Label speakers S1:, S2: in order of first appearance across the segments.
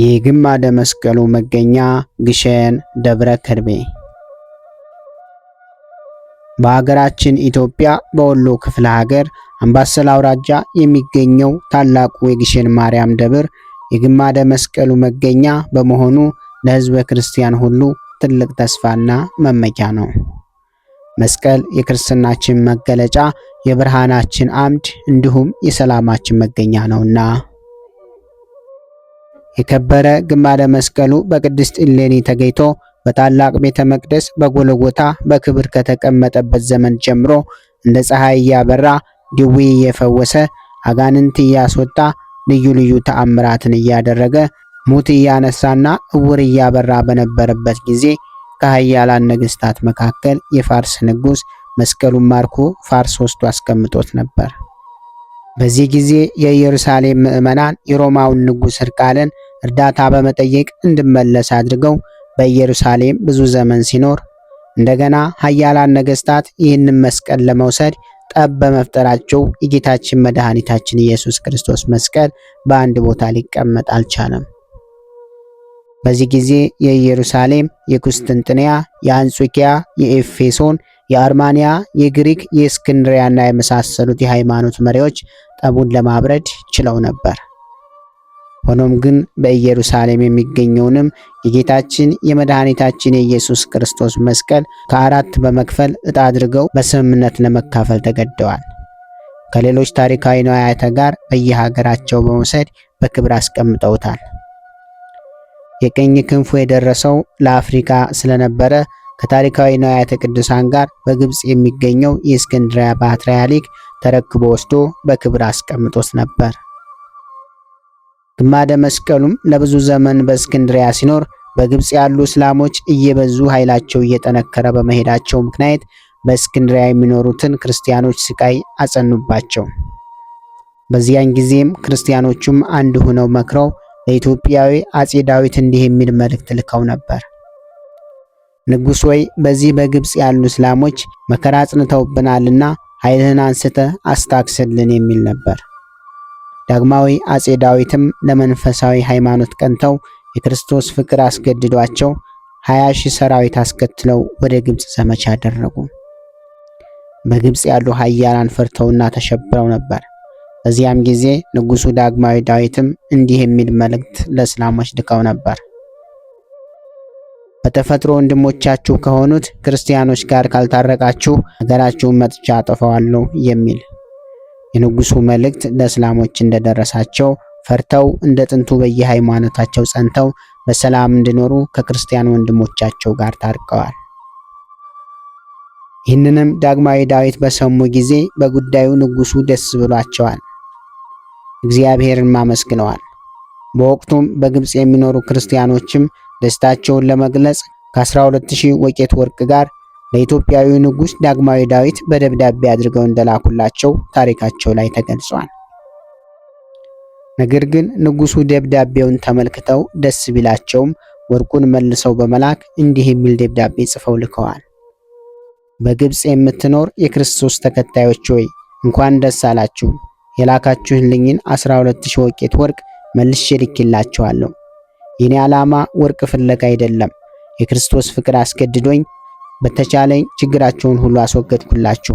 S1: የግማደ መስቀሉ መገኛ ግሸን ደብረ ከርቤ። በሀገራችን ኢትዮጵያ በወሎ ክፍለ ሀገር አምባሰል አውራጃ የሚገኘው ታላቁ የግሸን ማርያም ደብር የግማደ መስቀሉ መገኛ በመሆኑ ለሕዝበ ክርስቲያን ሁሉ ትልቅ ተስፋና መመኪያ ነው። መስቀል የክርስትናችን መገለጫ፣ የብርሃናችን አምድ እንዲሁም የሰላማችን መገኛ ነውና የከበረ ግማደ መስቀሉ በቅድስት እሌኒ ተገኝቶ በታላቅ ቤተ መቅደስ በጎልጎታ በክብር ከተቀመጠበት ዘመን ጀምሮ እንደ ፀሐይ እያበራ ድዊ እየፈወሰ አጋንንት እያስወጣ ልዩ ልዩ ተአምራትን እያደረገ ሙት እያነሳና እውር እያበራ በነበረበት ጊዜ ከኃያላን ነገስታት መካከል የፋርስ ንጉስ መስቀሉን ማርኮ ፋርስ ወስዶ አስቀምጦት ነበር። በዚህ ጊዜ የኢየሩሳሌም ምዕመናን የሮማውን ንጉስ እርቃለን እርዳታ በመጠየቅ እንድመለስ አድርገው በኢየሩሳሌም ብዙ ዘመን ሲኖር እንደገና ኃያላን ነገስታት ይህንን መስቀል ለመውሰድ ጠብ በመፍጠራቸው የጌታችን መድኃኒታችን ኢየሱስ ክርስቶስ መስቀል በአንድ ቦታ ሊቀመጥ አልቻለም። በዚህ ጊዜ የኢየሩሳሌም፣ የቁስጥንጥንያ፣ የአንጾኪያ፣ የኤፌሶን፣ የአርማንያ፣ የግሪክ፣ የእስክንድሪያና የመሳሰሉት የሃይማኖት መሪዎች ጠቡን ለማብረድ ችለው ነበር። ሆኖም ግን በኢየሩሳሌም የሚገኘውንም የጌታችን የመድኃኒታችን የኢየሱስ ክርስቶስ መስቀል ከአራት በመክፈል ዕጣ አድርገው በስምምነት ለመካፈል ተገደዋል። ከሌሎች ታሪካዊ ነዋያተ ጋር በየሀገራቸው በመውሰድ በክብር አስቀምጠውታል። የቀኝ ክንፉ የደረሰው ለአፍሪካ ስለነበረ ከታሪካዊ ነዋያተ ቅዱሳን ጋር በግብፅ የሚገኘው የእስክንድሪያ ፓትርያርክ ተረክቦ ወስዶ በክብር አስቀምጦት ነበር። ግማደ መስቀሉም ለብዙ ዘመን በእስክንድሪያ ሲኖር በግብፅ ያሉ እስላሞች እየበዙ ኃይላቸው እየጠነከረ በመሄዳቸው ምክንያት በእስክንድሪያ የሚኖሩትን ክርስቲያኖች ስቃይ አጸኑባቸው። በዚያን ጊዜም ክርስቲያኖቹም አንድ ሆነው መክረው ለኢትዮጵያዊ አጼ ዳዊት እንዲህ የሚል መልእክት ልከው ነበር። ንጉሥ ወይ በዚህ በግብፅ ያሉ እስላሞች መከራ አጽንተውብናልና ኃይልህን አንስተ አስታክስልን የሚል ነበር። ዳግማዊ አጼ ዳዊትም ለመንፈሳዊ ሃይማኖት ቀንተው የክርስቶስ ፍቅር አስገድዷቸው 20 ሺህ ሰራዊት አስከትለው ወደ ግብፅ ዘመቻ አደረጉ። በግብፅ ያሉ ኃያላን ፈርተውና ተሸብረው ነበር። በዚያም ጊዜ ንጉሱ ዳግማዊ ዳዊትም እንዲህ የሚል መልእክት ለእስላሞች ልከው ነበር። በተፈጥሮ ወንድሞቻችሁ ከሆኑት ክርስቲያኖች ጋር ካልታረቃችሁ ሀገራችሁን መጥቻ አጠፋዋለሁ የሚል የንጉሱ መልእክት ለእስላሞች እንደደረሳቸው ፈርተው እንደ ጥንቱ በየሃይማኖታቸው ጸንተው በሰላም እንዲኖሩ ከክርስቲያን ወንድሞቻቸው ጋር ታርቀዋል። ይህንንም ዳግማዊ ዳዊት በሰሙ ጊዜ በጉዳዩ ንጉሱ ደስ ብሏቸዋል፣ እግዚአብሔርን አመስግነዋል። በወቅቱም በግብፅ የሚኖሩ ክርስቲያኖችም ደስታቸውን ለመግለጽ ከ12000 ወቄት ወርቅ ጋር ለኢትዮጵያዊ ንጉሥ ዳግማዊ ዳዊት በደብዳቤ አድርገው እንደላኩላቸው ታሪካቸው ላይ ተገልጿል። ነገር ግን ንጉሡ ደብዳቤውን ተመልክተው ደስ ቢላቸውም ወርቁን መልሰው በመላክ እንዲህ የሚል ደብዳቤ ጽፈው ልከዋል። በግብፅ የምትኖር የክርስቶስ ተከታዮች ሆይ እንኳን ደስ አላችሁ። የላካችሁልኝን 12000 ወቄት ወርቅ መልሼ ልኬላችኋለሁ። የኔ ዓላማ ወርቅ ፍለጋ አይደለም፣ የክርስቶስ ፍቅር አስገድዶኝ በተቻለኝ ችግራችሁን ሁሉ አስወገድኩላችሁ።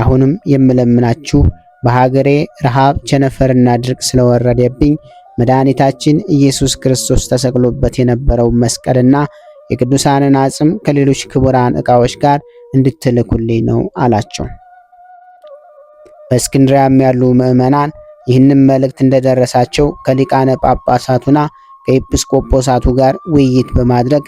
S1: አሁንም የምለምናችሁ በሀገሬ ረሃብ፣ ቸነፈርና ድርቅ ስለወረደብኝ መድኃኒታችን ኢየሱስ ክርስቶስ ተሰቅሎበት የነበረው መስቀልና የቅዱሳንን አጽም ከሌሎች ክቡራን ዕቃዎች ጋር እንድትልኩልኝ ነው አላቸው። በእስክንድሪያም ያሉ ምዕመናን ይህንም መልእክት እንደደረሳቸው ከሊቃነ ጳጳሳቱና ከኤጲስቆጶሳቱ ጋር ውይይት በማድረግ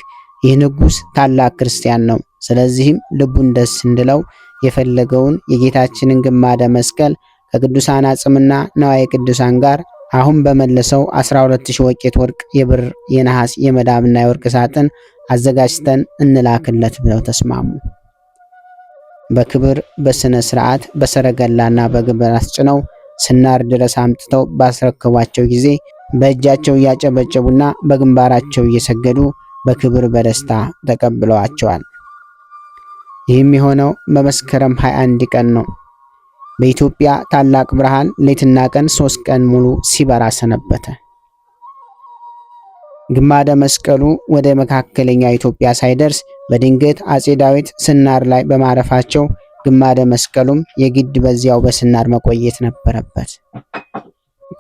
S1: ይህ ንጉሥ ታላቅ ክርስቲያን ነው። ስለዚህም ልቡን ደስ እንድለው የፈለገውን የጌታችንን ግማደ መስቀል ከቅዱሳን አጽምና ነዋየ ቅዱሳን ጋር አሁን በመለሰው 12000 ወቄት ወርቅ፣ የብር፣ የነሐስ፣ የመዳብና የወርቅ ሳጥን አዘጋጅተን እንላክለት ብለው ተስማሙ። በክብር በስነ ስርዓት በሰረገላና በግብር አስጭነው ስናር ድረስ አምጥተው ባስረከቧቸው ጊዜ በእጃቸው እያጨበጨቡና በግንባራቸው እየሰገዱ በክብር በደስታ ተቀብለዋቸዋል። ይህም የሆነው በመስከረም 21 ቀን ነው። በኢትዮጵያ ታላቅ ብርሃን ሌትና ቀን ሶስት ቀን ሙሉ ሲበራ ሰነበተ። ግማደ መስቀሉ ወደ መካከለኛ ኢትዮጵያ ሳይደርስ በድንገት አጼ ዳዊት ስናር ላይ በማረፋቸው ግማደ መስቀሉም የግድ በዚያው በስናር መቆየት ነበረበት።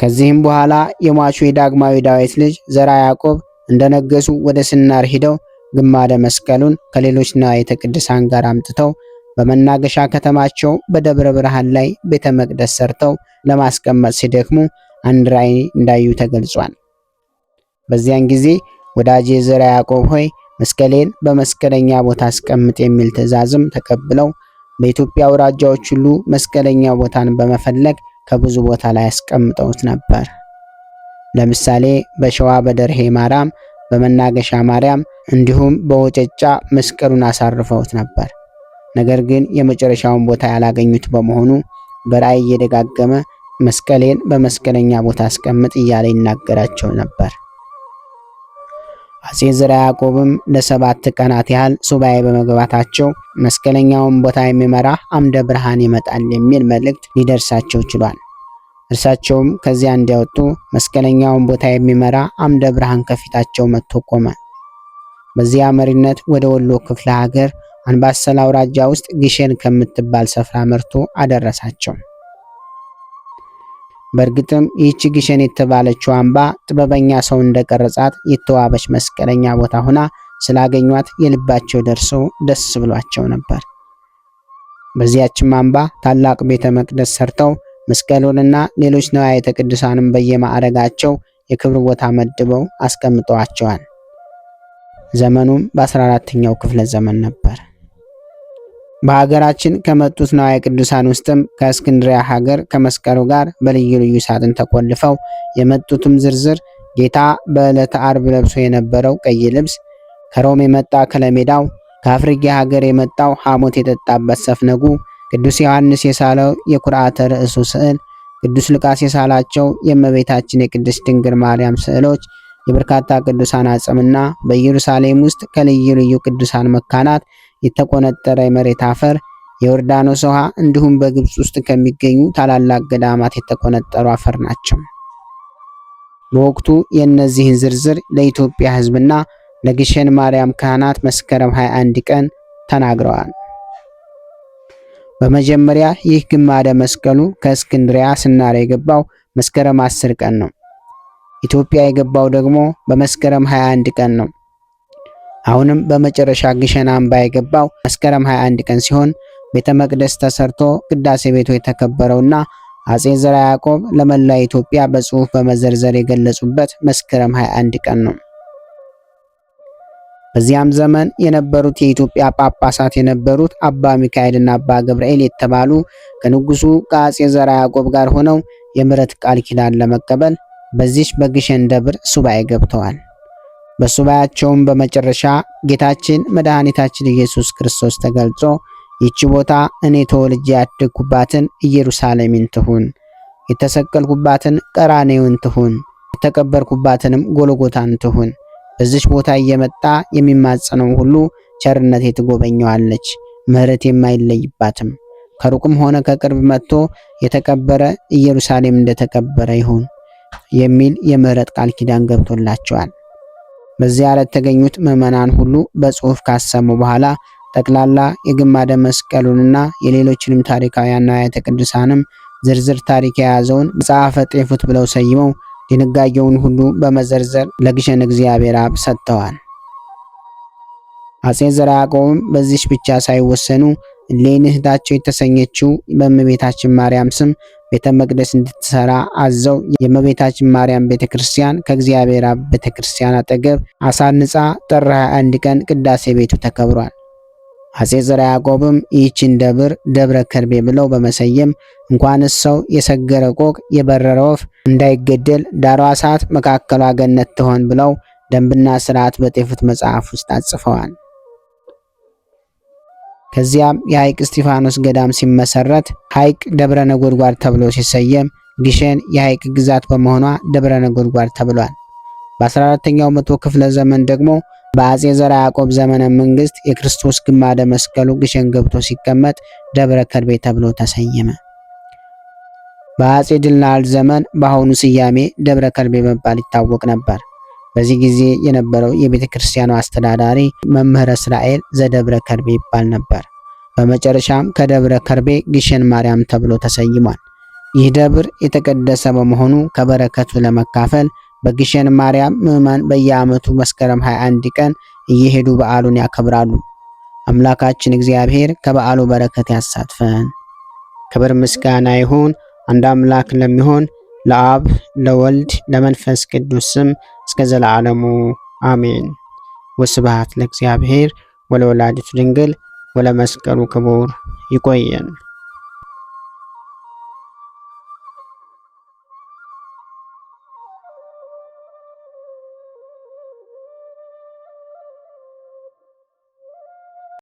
S1: ከዚህም በኋላ የሟቹ የዳግማዊ ዳዊት ልጅ ዘራ ያዕቆብ እንደነገሱ ወደ ስናር ሂደው ግማደ መስቀሉን ከሌሎች ንዋያተ ቅድሳት ጋር አምጥተው በመናገሻ ከተማቸው በደብረ ብርሃን ላይ ቤተ መቅደስ ሰርተው ለማስቀመጥ ሲደክሙ አንድ ራእይ እንዳዩ ተገልጿል። በዚያን ጊዜ ወዳጄ ዘርዓ ያዕቆብ ሆይ መስቀሌን በመስቀለኛ ቦታ አስቀምጥ የሚል ትእዛዝም ተቀብለው በኢትዮጵያ አውራጃዎች ሁሉ መስቀለኛ ቦታን በመፈለግ ከብዙ ቦታ ላይ አስቀምጠውት ነበር። ለምሳሌ በሸዋ በደርሄ ማርያም፣ በመናገሻ ማርያም እንዲሁም በወጨጫ መስቀሉን አሳርፈውት ነበር። ነገር ግን የመጨረሻውን ቦታ ያላገኙት በመሆኑ በራእይ እየደጋገመ መስቀሌን በመስቀለኛ ቦታ አስቀምጥ እያለ ይናገራቸው ነበር። አጼ ዘርዓ ያዕቆብም ለሰባት ቀናት ያህል ሱባኤ በመግባታቸው መስቀለኛውን ቦታ የሚመራ አምደ ብርሃን ይመጣል የሚል መልእክት ሊደርሳቸው ችሏል። እርሳቸውም ከዚያ እንዲያወጡ መስቀለኛውን ቦታ የሚመራ አምደ ብርሃን ከፊታቸው መጥቶ ቆመ። በዚያ መሪነት ወደ ወሎ ክፍለ ሀገር አንባሰል አውራጃ ውስጥ ግሼን ከምትባል ስፍራ መርቶ አደረሳቸው። በእርግጥም ይህች ግሼን የተባለችው አምባ ጥበበኛ ሰው እንደቀረጻት የተዋበች መስቀለኛ ቦታ ሆና ስላገኟት የልባቸው ደርሶ ደስ ብሏቸው ነበር። በዚያችም አምባ ታላቅ ቤተ መቅደስ ሰርተው መስቀሉንና ሌሎች ንዋያተ ቅዱሳንም በየማዕረጋቸው የክብር ቦታ መድበው አስቀምጠዋቸዋል። ዘመኑም በ14ኛው ክፍለ ዘመን ነበር። በሀገራችን ከመጡት ነዋየ ቅዱሳን ውስጥም ከእስክንድሪያ ሀገር ከመስቀሉ ጋር በልዩ ልዩ ሳጥን ተቆልፈው የመጡትም ዝርዝር ጌታ በዕለተ አርብ ለብሶ የነበረው ቀይ ልብስ፣ ከሮም የመጣ ከለሜዳው፣ ከአፍሪካ ሀገር የመጣው ሐሞት የጠጣበት ሰፍነጉ ቅዱስ ዮሐንስ የሳለው የኩርዓተ ርዕሱ ስዕል፣ ቅዱስ ሉቃስ የሳላቸው የእመቤታችን የቅድስት ድንግል ማርያም ስዕሎች የበርካታ ቅዱሳን አጽምና በኢየሩሳሌም ውስጥ ከልዩ ልዩ ቅዱሳን መካናት የተቆነጠረ የመሬት አፈር የዮርዳኖስ ውሃ እንዲሁም በግብፅ ውስጥ ከሚገኙ ታላላቅ ገዳማት የተቆነጠሩ አፈር ናቸው። በወቅቱ የእነዚህን ዝርዝር ለኢትዮጵያ ሕዝብና ለግሸን ማርያም ካህናት መስከረም 21 ቀን ተናግረዋል። በመጀመሪያ ይህ ግማደ መስቀሉ ከእስክንድሪያ ስናር የገባው መስከረም 10 ቀን ነው። ኢትዮጵያ የገባው ደግሞ በመስከረም 21 ቀን ነው። አሁንም በመጨረሻ ግሸን አምባ የገባው መስከረም 21 ቀን ሲሆን ቤተ መቅደስ ተሰርቶ ቅዳሴ ቤቱ የተከበረውና አጼ ዘርዓ ያዕቆብ ለመላ ኢትዮጵያ በጽሑፍ በመዘርዘር የገለጹበት መስከረም 21 ቀን ነው። በዚያም ዘመን የነበሩት የኢትዮጵያ ጳጳሳት የነበሩት አባ ሚካኤልና አባ ገብርኤል የተባሉ ከንጉሱ ከአጼ ዘርዓ ያዕቆብ ጋር ሆነው የምረት ቃል ኪዳን ለመቀበል በዚች በግሸን ደብር ሱባኤ ገብተዋል። በሱባያቸውም በመጨረሻ ጌታችን መድኃኒታችን ኢየሱስ ክርስቶስ ተገልጾ ይቺ ቦታ እኔ ተወልጄ ያደግኩባትን ኢየሩሳሌምን ትሁን፣ የተሰቀልኩባትን ቀራኔውን ትሁን፣ የተቀበርኩባትንም ጎልጎታን ትሁን በዚች ቦታ እየመጣ የሚማጸነው ሁሉ ቸርነቴ ትጎበኘዋለች፣ ምሕረት የማይለይባትም። ከሩቅም ሆነ ከቅርብ መጥቶ የተቀበረ ኢየሩሳሌም እንደተቀበረ ይሁን የሚል የምሕረት ቃል ኪዳን ገብቶላቸዋል። በዚያ ለተገኙት ምዕመናን ሁሉ በጽሑፍ ካሰሙ በኋላ ጠቅላላ የግማደ መስቀሉንና የሌሎችንም ታሪካዊ አናያተ ቅዱሳንም ዝርዝር ታሪክ የያዘውን መጽሐፈ ጤፉት ብለው ሰይመው የንጋጌውን ሁሉ በመዘርዘር ለግሸን እግዚአብሔር አብ ሰጥተዋል። አጼ ዘርዓ ያዕቆብም በዚች ብቻ ሳይወሰኑ እሌኒ እህታቸው የተሰኘችው በእመቤታችን ማርያም ስም ቤተ መቅደስ እንድትሰራ አዘው የእመቤታችን ማርያም ቤተ ክርስቲያን ከእግዚአብሔር አብ ቤተ ክርስቲያን አጠገብ አሳንጻ ጥር 21 ቀን ቅዳሴ ቤቱ ተከብሯል። አጼ ዘርዓ ያዕቆብም ይህችን ደብር ደብረ ከርቤ ብለው በመሰየም እንኳንስ ሰው የሰገረ ቆቅ የበረረ ወፍ እንዳይገደል ዳሯ እሳት መካከሏ ገነት ትሆን ብለው ደንብና ስርዓት በጤፉት መጽሐፍ ውስጥ አጽፈዋል። ከዚያም የሐይቅ እስጢፋኖስ ገዳም ሲመሰረት ሐይቅ ደብረ ነጎድጓድ ተብሎ ሲሰየም ግሸን የሐይቅ ግዛት በመሆኗ ደብረ ነጎድጓድ ተብሏል። በ14ኛው መቶ ክፍለ ዘመን ደግሞ በአጼ ዘርዓ ያዕቆብ ዘመነ መንግስት የክርስቶስ ግማደ መስቀሉ ግሸን ገብቶ ሲቀመጥ ደብረ ከርቤ ተብሎ ተሰየመ። በአጼ ድልናል ዘመን በአሁኑ ስያሜ ደብረ ከርቤ በመባል ይታወቅ ነበር። በዚህ ጊዜ የነበረው የቤተ ክርስቲያኑ አስተዳዳሪ መምህረ እስራኤል ዘደብረ ከርቤ ይባል ነበር። በመጨረሻም ከደብረ ከርቤ ግሸን ማርያም ተብሎ ተሰይሟል። ይህ ደብር የተቀደሰ በመሆኑ ከበረከቱ ለመካፈል በግሸን ማርያም ምዕመን በየዓመቱ መስከረም 21 ቀን እየሄዱ በዓሉን ያከብራሉ። አምላካችን እግዚአብሔር ከበዓሉ በረከት ያሳትፈን። ክብር ምስጋና ይሁን አንድ አምላክ ለሚሆን ለአብ ለወልድ ለመንፈስ ቅዱስ ስም እስከ ዘላለሙ አሜን። ወስብሐት ለእግዚአብሔር ወለወላዲቱ ድንግል ወለመስቀሉ ክቡር። ይቆየን።